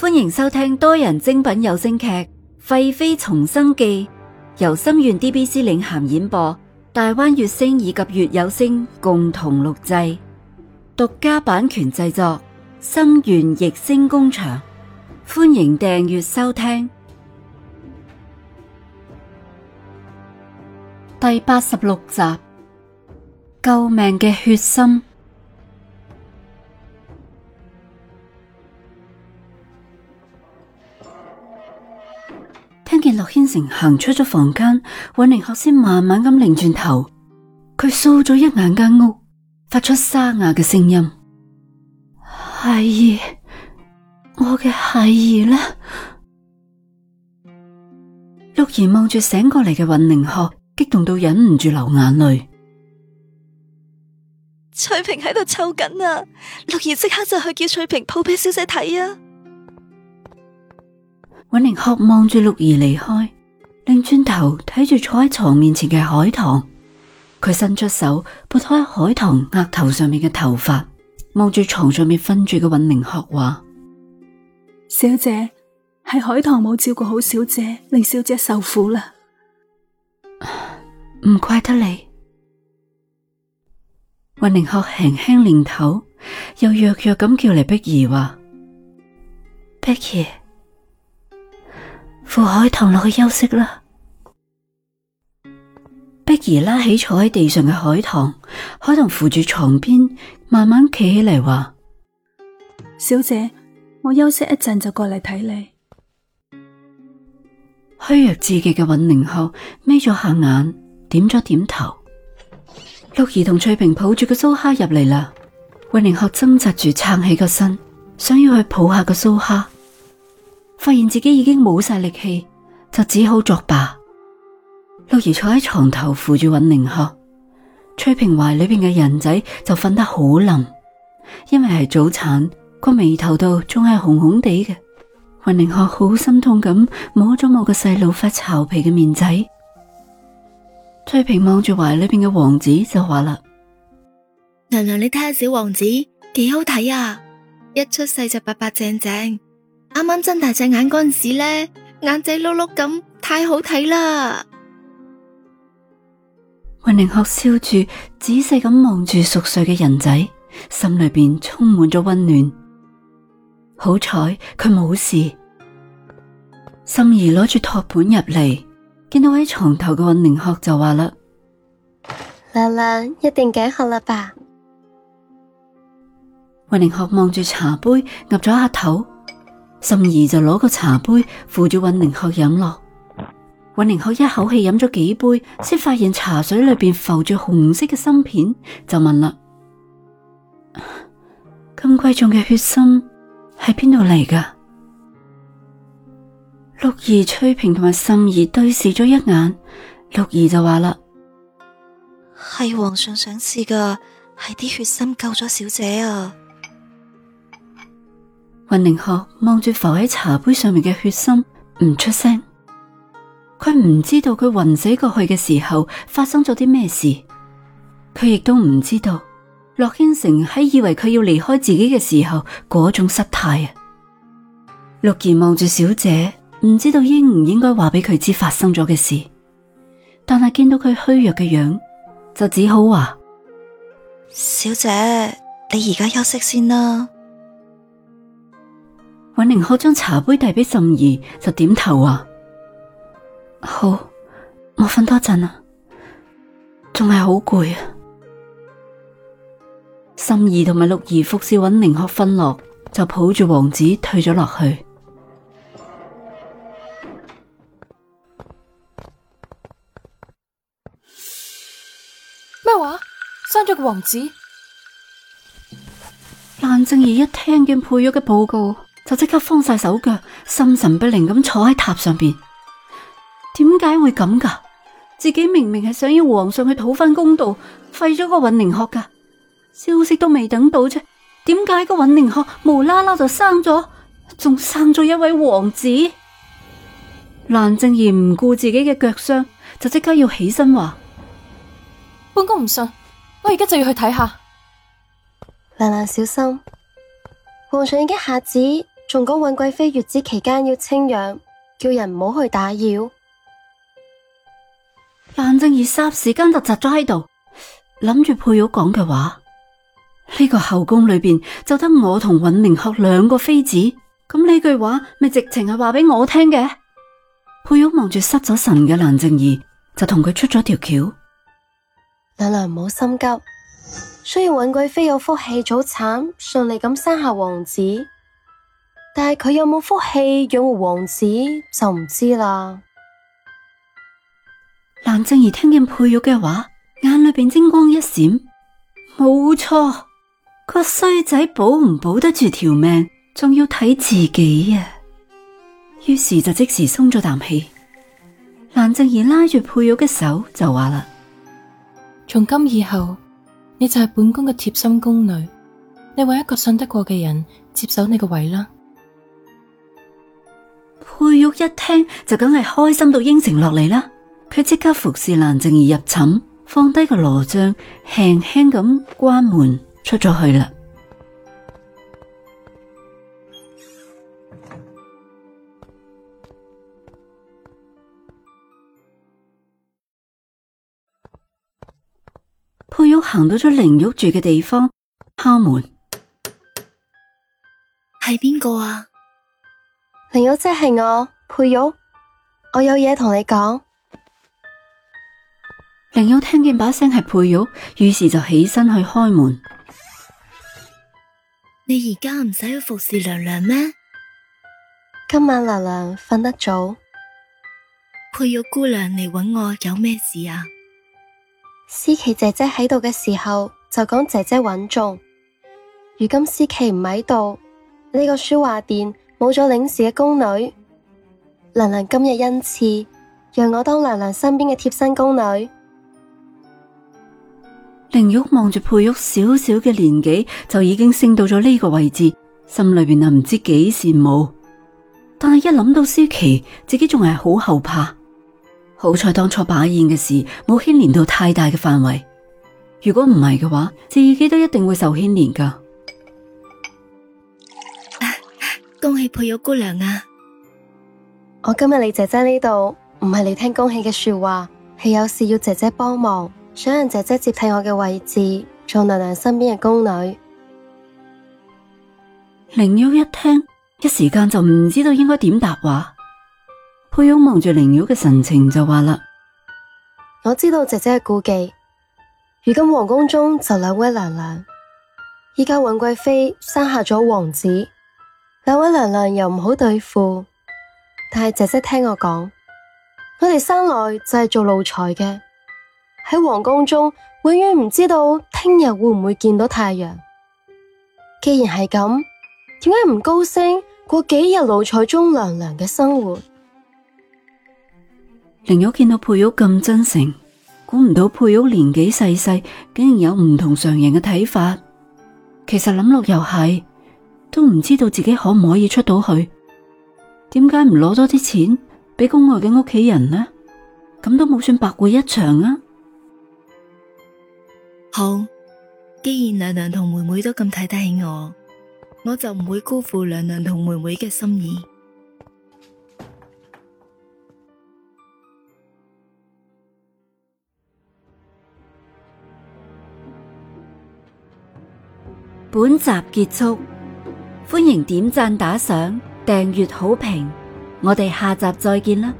歡迎收聽多人精品有聲劇《廢妃重生記》，由心願 DBC 領銜演播，大灣月星以及月有聲共同錄製，獨家版權製作，心願逸聲工場。歡迎訂閱收聽第八十六集《救命嘅血參》。洛軒成行出咗房間，尹寧鶴先慢慢咁擰轉頭，佢掃咗一眼間屋，發出沙啞嘅聲音：孩兒，我嘅孩兒咧！陸兒望住醒過嚟嘅尹寧鶴，激動到忍唔住流眼淚。翠萍喺度抽緊啊！陸兒即刻就去叫翠萍抱俾小姐睇啊！允玲鶴望住六兒離開，擰轉頭睇住坐喺床面前嘅海棠，佢伸出手撥開海棠額頭上面嘅頭髮，望住床上面瞓住嘅允玲鶴話：小姐係海棠冇照顧好小姐，令小姐受苦啦，唔怪得你。允玲鶴輕輕擰頭，又弱弱咁叫嚟碧兒話：碧兒。扶海棠落去休息啦。碧兒拉起坐喺地上嘅海棠，海棠扶住床邊，慢慢企起嚟，話：小姐，我休息一陣就過嚟睇你。虛弱至極嘅尹寧后眯咗下眼，點咗點頭。六兒同翠萍抱住個蘇蝦入嚟啦。尹寧后掙扎住撐起個身，想要去抱下個蘇蝦。發現自己已經冇晒力氣，就只好作罷。六兒坐喺床頭扶住尹寧鶴，翠平懷裏邊嘅人仔就瞓得好冧，因為係早產，個眉頭度仲係紅紅地嘅。尹寧鶴好心痛咁摸咗摸個細路發巢皮嘅面仔。翠平望住懷裏邊嘅王子就話啦：娘娘你睇下小王子幾好睇啊，一出世就白白淨淨。啱啱睜大隻眼嗰陣時咧，眼仔碌碌咁，太好睇啦！云寧鶴笑住，仔細咁望住熟睡嘅人仔，心裏邊充滿咗温暖。好彩佢冇事。心儀攞住托盤入嚟，見到喺床頭嘅云寧鶴就話啦：，啦啦，一定頸渴喇吧？云寧鶴望住茶杯，岌咗下頭。心兒就攞個茶杯扶住尹寧鶴飲落，尹寧鶴一口氣飲咗幾杯，先發現茶水裏邊浮住紅色嘅參片，就問啦：咁、啊、貴重嘅血參係邊度嚟噶？六兒翠萍同埋心兒對視咗一眼，六兒就話啦：係皇上賞賜噶，係啲血參救咗小姐啊。雲寧鶴望住浮喺茶杯上面嘅血參，唔出聲。佢唔知道佢暈死過去嘅時候發生咗啲咩事，佢亦都唔知道。洛軒成喺以為佢要離開自己嘅時候，嗰種失態啊。陸兒望住小姐，唔知道應唔應該話俾佢知發生咗嘅事，但係見到佢虛弱嘅樣，就只好話：小姐，你而家休息先啦。寧可將茶杯遞俾心兒，就點頭話、啊：好，我瞓多陣啊，仲係好攰啊。心兒同埋六兒服侍穩寧可瞓落，就抱住王子退咗落去。咩話？生咗個王子？蘭靜兒一聽見佩玉嘅報告。就即刻放晒手腳，心神不寧咁坐喺塔上邊。點解會咁噶？自己明明係想要皇上去討翻公道，廢咗個允寧學噶，消息都未等到啫。點解個允寧學無啦啦就生咗，仲生咗一位皇子？蘭靜兒唔顧自己嘅腳傷，就即刻要起身話：本宮唔信，我而家就要去睇下。蘭蘭小心，皇上已經下旨。仲講尹貴妃月子期間要清養，叫人唔好去打擾。蘭正儀霎時間突窒咗喺度，諗住佩玉講嘅話，呢個後宮裏邊就得我同尹寧鶴兩個妃子，咁呢句話咪直情係話俾我聽嘅。佩玉望住失咗神嘅蘭正儀，就同佢出咗條橋。娘娘唔好心急，雖然尹貴妃有福氣早產，順利咁生下王子。但係佢有冇福氣養活王子就唔知啦。蘭靜兒聽見佩玉嘅話，眼裏邊晶光一閃，冇錯個衰仔保唔保得住條命，仲要睇自己啊。於是就即時鬆咗啖氣。蘭靜兒拉住佩玉嘅手就話啦：從今以後你就係本宮嘅貼心宮女，你揾一個信得過嘅人接手你個位啦。佩玉一聽就梗係開心到應承落嚟啦，佢即刻服侍蘭靜儀入寢，放低個羅帳，輕輕咁關門出咗去啦。佩玉行到咗靈玉住嘅地方，敲門，係邊個啊？靈玉姐，係我佩玉，我有嘢同你講。靈玉聽見把聲係佩玉，於是就起身去開門。你而家唔使去服侍娘娘咩？今晚娘娘瞓得早，佩玉姑娘嚟揾我有咩事啊？思琪姐姐喺度嘅時候就講姐姐穩重，如今思琪唔喺度，呢個書畫店。冇咗領事嘅宮女，娘娘今日恩賜，讓我當娘娘身邊嘅貼身宮女。玲玉望住佩玉，小小嘅年紀就已經升到咗呢個位置，心裏邊啊唔知幾羨慕。但係一諗到舒淇，自己仲係好後怕。好彩當初擺宴嘅事冇牽連到太大嘅範圍，如果唔係嘅話，自己都一定會受牽連噶。恭喜佩玉姑娘啊！我今日嚟姐姐呢度，唔係嚟聽恭喜嘅說話，係有事要姐姐幫忙，想讓姐姐接替我嘅位置，做娘娘身邊嘅宮女。靈妖一聽，一時間就唔知道應該點答話。佩玉望住靈妖嘅神情就話啦，我知道姐姐嘅顧忌。如今皇宮中就兩位娘娘，依家尹貴妃生下咗王子。兩位娘娘又唔好對付，但係姐姐聽我講，我哋生來就係做奴才嘅，喺皇宮中永遠唔知道聽日會唔會見到太陽。既然係咁，點解唔高興過幾日奴才中娘娘嘅生活？凌玉見到佩玉咁真誠，估唔到佩玉年紀細細，竟然有唔同常人嘅睇法。其實諗落又係。都唔知道自己可唔可以出到去？點解唔攞多啲錢俾宮外嘅屋企人呢？咁都冇算白過一場啊！好，既然娘娘同妹妹都咁睇得起我，我就唔會辜負娘娘同妹妹嘅心意。本集結束。歡迎點讚、打賞、訂閱、好評，我哋下集再見啦！